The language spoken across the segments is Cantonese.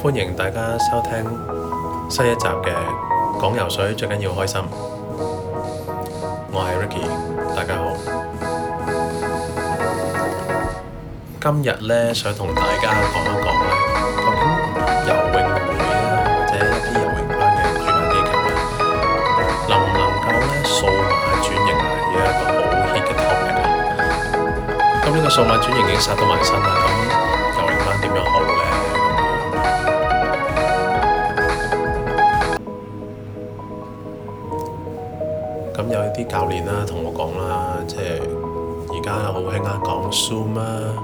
歡迎大家收聽新一集嘅講游水最緊要開心，我係 Ricky，大家好。今日呢想同大家講一講呢，咁游泳會或者一啲游泳班嘅熱門啲嘅咧，能唔能夠呢數碼轉型係一個好 hit 嘅 topic 啊？今日嘅數碼轉型已經殺到埋身啦，咁游泳班點樣好？有一啲教練啦、啊，同我講啦、啊，即係而家好興啊，講 Zoom 啦、啊，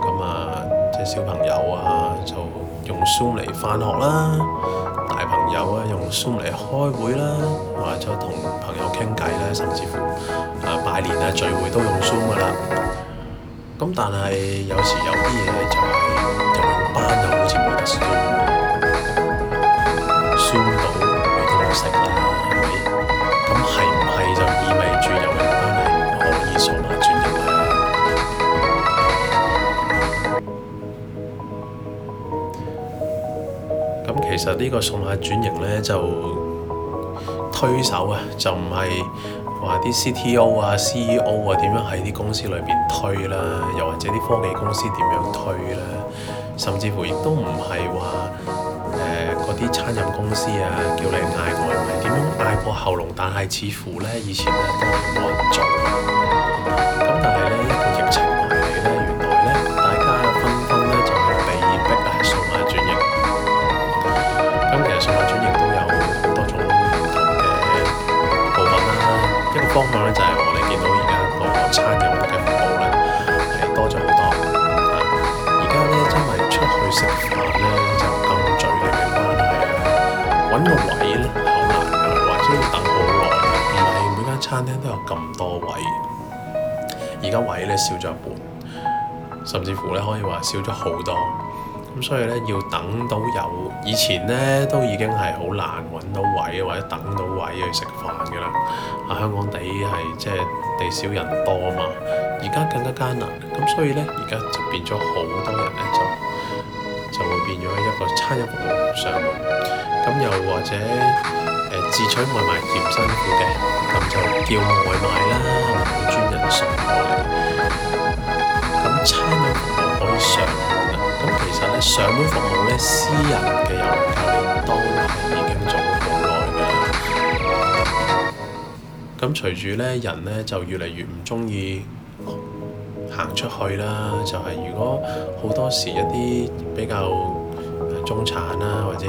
咁啊，即係小朋友啊，就用 Zoom 嚟返學啦、啊，大朋友啊用 Zoom 嚟開會啦、啊，或者同朋友傾偈啦，甚至乎啊拜年啊，聚會都用 Zoom 噶啦。咁、嗯、但係有時有啲嘢就係又用班又好似冇得 Zoom。個數碼呢個數碼轉型咧，就推手啊，就唔係話啲 CTO 啊、CEO 啊點樣喺啲公司裏邊推啦，又或者啲科技公司點樣推啦，甚至乎亦都唔係話誒啲餐飲公司啊，叫你嗌外賣點樣嗌破喉嚨，但係似乎咧以前咧都係冇人做。一個方向咧就係我哋見到而家個餐飲嘅服務咧，其實多咗好多。而家呢，因為出去食飯呢，就禁聚嚟嘅關係咧，揾個位呢，係好難嘅，或者要等好耐嘅，唔係每間餐廳都有咁多位。而家位呢，少咗一半，甚至乎咧可以話少咗好多。咁所以咧要等到有，以前咧都已經係好難揾到位或者等到位去食飯㗎啦。喺、啊、香港地係即係地少人多啊嘛，而家更加艱難。咁所以咧而家就變咗好多人咧就就會變咗一個餐飲服務上門，咁又或者誒、呃、自取外賣嫌辛苦嘅，咁就叫外賣啦，好專人送過嚟。咁餐飲服務可以上門。但係上門服務咧，私人嘅游泳教練當然已經做好好耐㗎啦。咁隨住咧，人咧就越嚟越唔中意行出去啦。就係、是、如果好多時一啲比較中產啦、啊，或者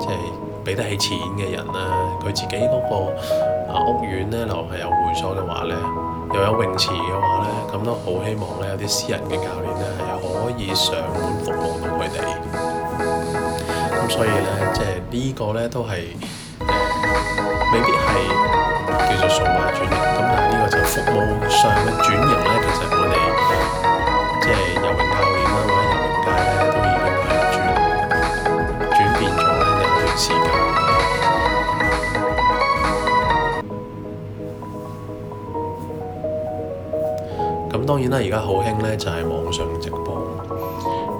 即係俾得起錢嘅人啦、啊，佢自己嗰個啊屋苑咧，樓下有會所嘅話咧，又有泳池嘅話咧，咁都好希望咧有啲私人嘅教練咧係可以上。所以呢，即係呢個呢都係、呃、未必係叫做數碼轉型。咁但係呢個就服務上嘅轉型呢，其實我哋即係游泳教練啦，或者游泳界呢，都已經係轉轉變咗呢一段時間。咁當然啦，而家好興呢，就係、是就是、網上直播，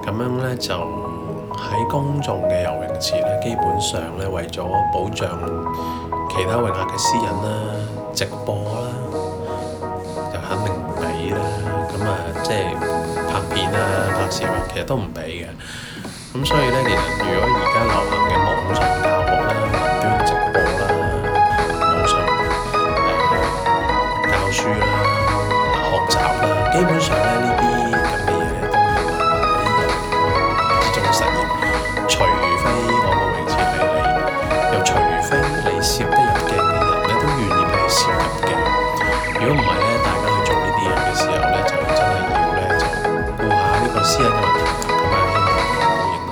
咁樣呢，就。公眾嘅游泳池咧，基本上咧，為咗保障其他泳客嘅私隱啦，直播啦，就肯定唔俾啦。咁啊，即係拍片啦、拍攝啊，其實都唔俾嘅。咁所以咧，其實如果而家流行嘅，攝得入鏡嘅人咧，都願意畀攝入鏡。如果唔係咧，大家去做呢啲嘢嘅時候咧，就真係要咧就顧下呢個私隱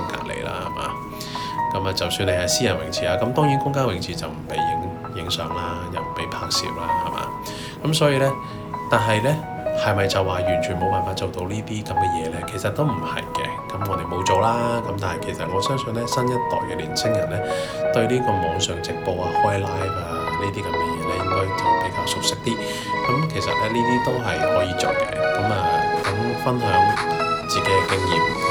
嘅問題啦。咁啊，希望唔好影到隔籬啦，係嘛。咁啊，就算你係私人泳池啊，咁當然公家泳池就唔畀影影相啦，又唔畀拍攝啦，係嘛。咁所以咧，但係咧，係咪就話完全冇辦法做到這這呢啲咁嘅嘢咧？其實都唔係嘅。嗯、我哋冇做啦，咁但係其實我相信咧，新一代嘅年青人咧，對呢個網上直播啊、開 live 啊呢啲咁嘅嘢你應該就比較熟悉啲。咁其實咧，呢啲都係可以做嘅。咁啊，咁分享自己嘅經驗，咁啊，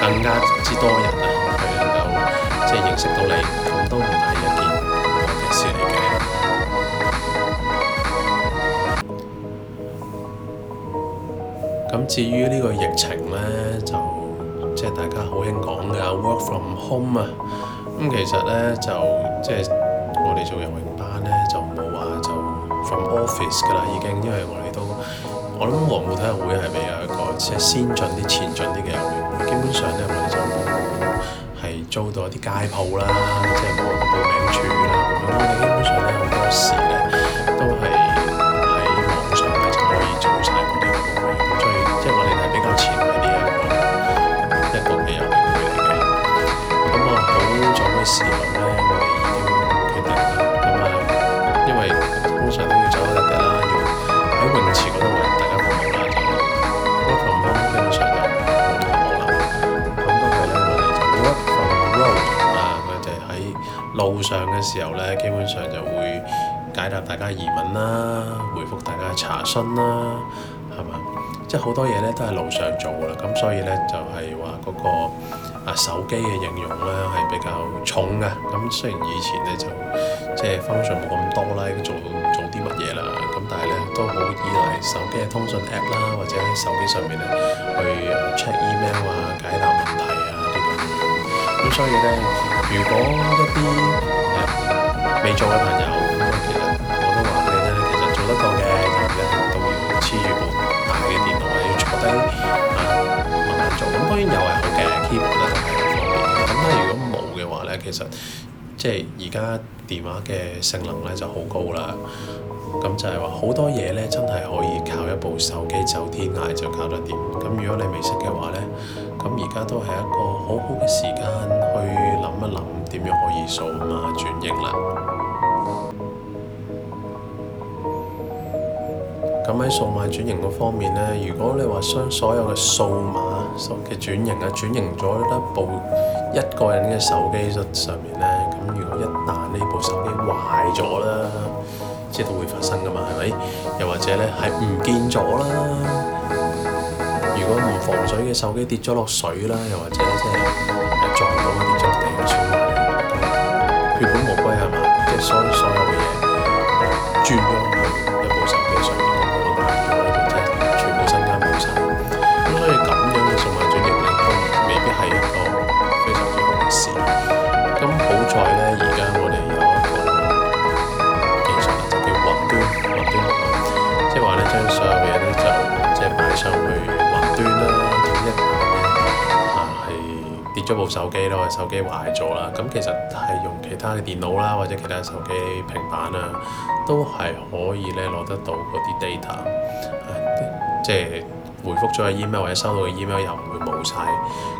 更加之多人啊，佢能夠即係認識到你，咁都唔係一件難嘅事嚟嘅。咁至於呢個疫情咧？即係大家好興講嘅 work from home 啊，咁其實咧就即係、就是、我哋做游泳班咧就冇話就 from office 噶啦，已經因為我哋都我諗黃埔體育會係咪有一個即係先進啲、前進啲嘅游泳會，基本上咧我哋就冇係租到一啲街鋪啦，即係冇報名處啦，咁我哋基本上咧好多時咧。時候咧，我哋已經決定啦。咁啊，因為通常都要走喺入邊啦，要喺泳池嗰度為大家服務嘅就，work from home 基本上就冇同啦。咁都係咧，我哋就 work from road 啊，佢哋喺路上嘅時候咧，基本上就會解答大家疑問啦，回覆大家嘅查詢啦。即係好多嘢咧都係路上做啦，咁所以咧就係話嗰個啊手機嘅應用咧係比較重嘅。咁雖然以前咧就即係 function 冇咁多啦，做做啲乜嘢啦，咁但係咧都好依賴手機嘅通訊 App 啦，或者喺手機上面咧去 check email 啊、解答問題啊啲咁。咁所以咧，如果一啲未、啊、做嘅朋友，慢慢做。咁當然又係好嘅，keyboard 咧就係方便嘅。咁、啊、但如果冇嘅話咧，其實即係而家電話嘅性能咧就好高啦。咁就係話好多嘢咧，真係可以靠一部手機走天涯就搞得掂。咁如果你未識嘅話咧，咁而家都係一個好好嘅時間去諗一諗點樣可以數碼轉型啦。喺數碼轉型嗰方面呢，如果你話將所有嘅數碼手機轉型啊，轉型咗一部一個人嘅手機上面呢，咁如果一旦呢部手機壞咗啦，即係都會發生噶嘛，係咪？又或者呢，係唔見咗啦？如果唔防水嘅手機跌咗落水啦，又或者即係撞到跌咗落地嘅損壞，血本無歸係嘛？即係所所有嘅嘢轉用，部手機咯，手機壞咗啦，咁其實係用其他嘅電腦啦，或者其他手機平板啊，都係可以咧攞得到嗰啲 data，即係回覆咗個 email 或者收到嘅 email 又唔會冇晒，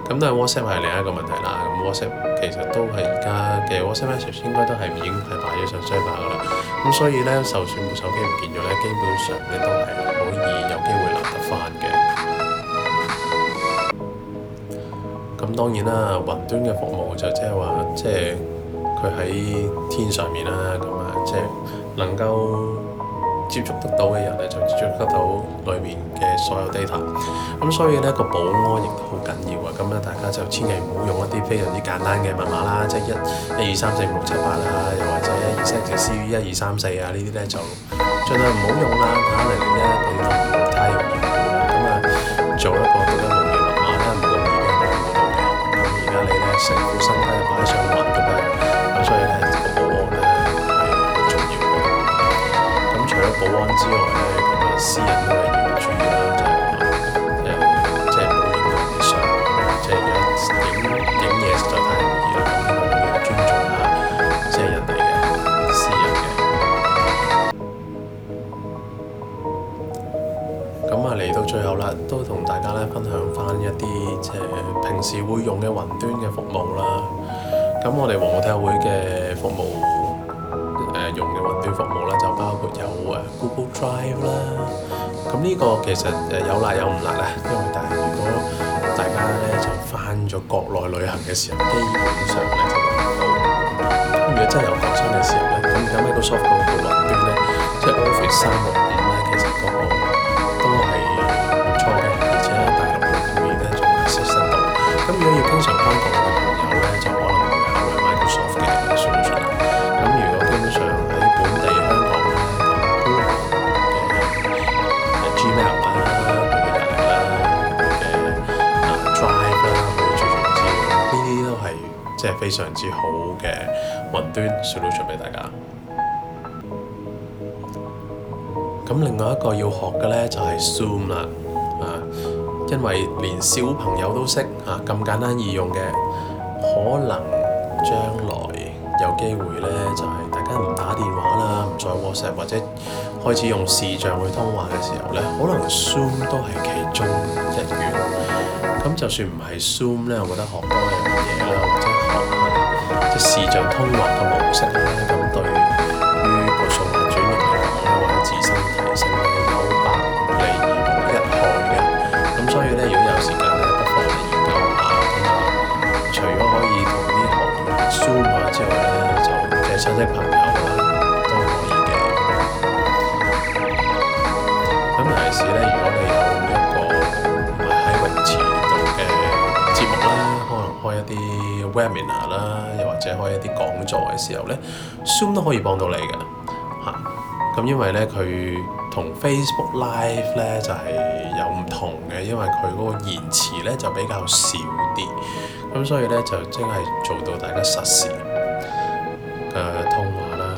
咁都係 WhatsApp 係另一個問題啦。咁 WhatsApp 其實都係而家嘅 WhatsApp message 應該都係已經係擺咗上 server 噶啦。咁所以咧，就算部手機唔見咗咧，基本上咧都係可以有機會留得翻嘅。當然啦，雲端嘅服務就即係話，即係佢喺天上面啦，咁啊，即係能夠接觸得到嘅人咧，就接觸得到裏面嘅所有 data。咁所以咧，個保安亦都好緊要啊。咁咧，大家就千祈唔好用一啲非常之簡單嘅密碼啦，即係一一二三四五六七八啦，又或者 s x c v 一二三四啊，呢啲咧就盡量唔好用啦。之外咧，咁啊私隱都係要注意啦，就係、是、誒、呃，即係冇影到影相，咁啊即係影影影嘢就太唔易啦，咁啊要尊重下、啊、即係人哋嘅私隱嘅。咁、嗯、啊嚟到最後啦，都同大家咧分享翻一啲即係平時會用嘅雲端嘅服務啦。咁我哋黃埔體育會嘅服務。drive 啦，咁呢個其實誒有辣有唔辣咧，因為但係如果大家咧就翻咗國內旅行嘅時候，基本上咧就唔冇，咁如果真係有學生嘅時候咧，咁而家咩都舒服，去雲端咧即係 office 山雲端。非常之好嘅雲端 solution 俾大家。咁另外一個要學嘅呢，就係 Zoom 啦，啊，因為連小朋友都識啊，咁簡單易用嘅，可能將來有機會呢，就係大家唔打電話啦，唔再 WhatsApp 或者開始用視像去通話嘅時候呢，可能 Zoom 都係其中一員。咁就算唔係 Zoom 呢，我覺得學多樣嘢啦，視像通話同埋模式咧，咁對於個數碼轉換嚟講咧，或者自身提升有百利而無一害嘅，咁所以咧，如果有時間咧，不妨嚟研究下啊！除咗可以同啲同學 zoom 啊之外咧，就借親戚朋友。Webinar 啦，Webinar, 又或者開一啲講座嘅時候呢 Zoom 都可以幫到你嘅嚇。咁、嗯、因為呢，佢同 Facebook Live 呢就係、是、有唔同嘅，因為佢嗰個延遲呢就比較少啲，咁、嗯、所以呢，就真係做到大家實時嘅通話啦。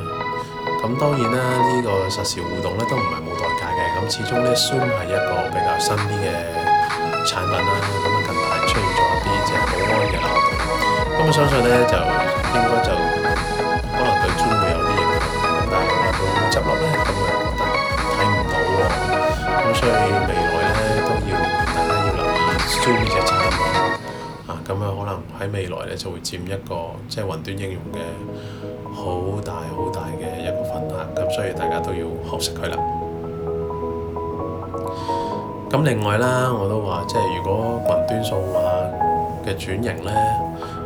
咁、嗯、當然啦，呢、這個實時互動呢都唔係冇代價嘅。咁、嗯、始終呢 Zoom 係一個比較新啲嘅產品啦。咁、嗯、啊，近排出現咗一啲就係保安嘅。咁我相信咧，就應該就可能對 Zoom 會有啲影響，但係會唔會執笠咧？咁我又覺得睇唔到喎。咁所以未來咧都要大家要留意 Zoom 呢隻產品啊。咁啊，可能喺未來咧就會佔一個即係雲端應用嘅好大好大嘅一個份額。咁所以大家都要學識佢啦。咁另外啦，我都話即係如果雲端數碼嘅轉型咧。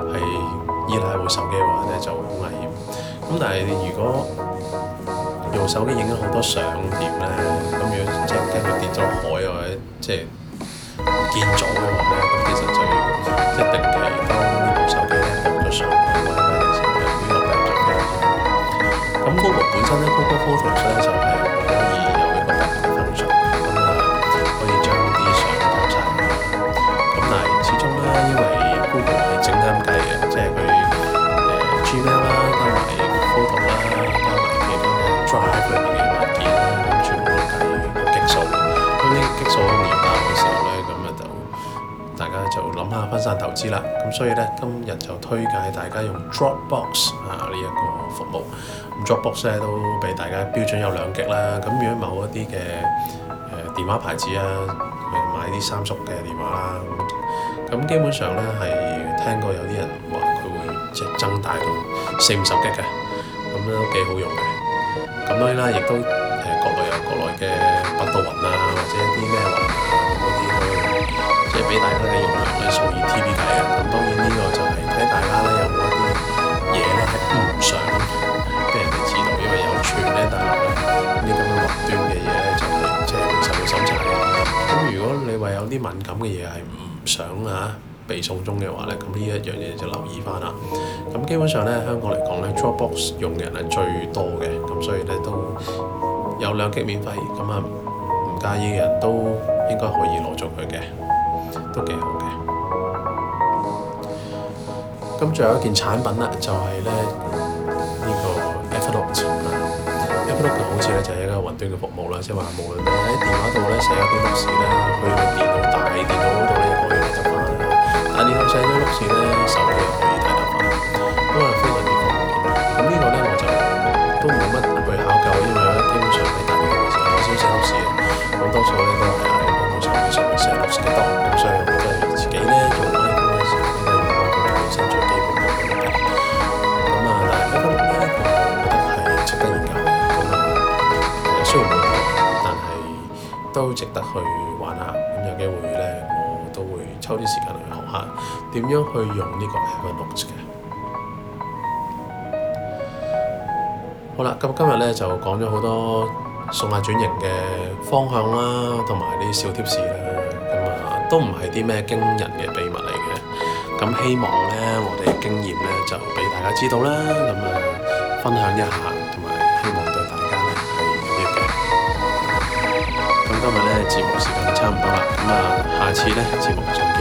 係依賴部手機嘅話咧，就好危險。咁但係如果用手機影咗好多相點咧，咁如果即係驚佢跌咗落海或者即係、就係、唔見咗嘅話呢，其實就一定係。諗下分散投資啦，咁所以咧今日就推介大家用 Dropbox 啊呢一個服務。咁 Dropbox 咧都俾大家標準有兩 G 啦。咁如果某一啲嘅誒電話牌子啊，買啲三叔嘅電話啦、啊，咁基本上咧係聽過有啲人話佢會即係增大到四五十 G 嘅，咁咧都幾好用嘅。咁當然啦，亦都誒、呃、國內有國內嘅百度雲啊，或者一啲咩雲。俾大家咧用嚟去掃熱 T.V. 睇啊，咁當然呢個就係、是、睇大家咧有冇一啲嘢咧係唔想俾人哋知道，因為有傳咧大陸咧啲咁嘅極端嘅嘢咧就係即係會受到審查。嘅、嗯。咁如果你話有啲敏感嘅嘢係唔想啊，被送中嘅話咧，咁呢一樣嘢就留意翻啦。咁基本上咧，香港嚟講咧 Dropbox 用嘅人係最多嘅，咁所以咧都有兩 Gig 免費，咁啊唔介意嘅人都應該可以攞咗佢嘅。都幾好嘅，咁仲有一件產品啦，就係咧呢個 Apple Notes 啊，Apple Notes 好似咧就係一個雲端嘅服務啦，即係話無論你喺電話度咧寫咗啲筆記啦，佢個電腦大電腦嗰度咧可以攞得翻，但喺電腦寫咗筆記咧，手機又可以。值得去玩下，咁有機會咧，我都會抽啲時間嚟學下點樣去用個 好呢個 h e l 嘅。好啦，咁今日咧就講咗好多數碼轉型嘅方向啦，同埋啲小貼士啦。咁啊，都唔係啲咩驚人嘅秘密嚟嘅。咁希望咧，我哋嘅經驗咧就俾大家知道啦。咁啊，分享一下。今日咧節目時間就差唔多啦，咁啊下次咧，節目再見。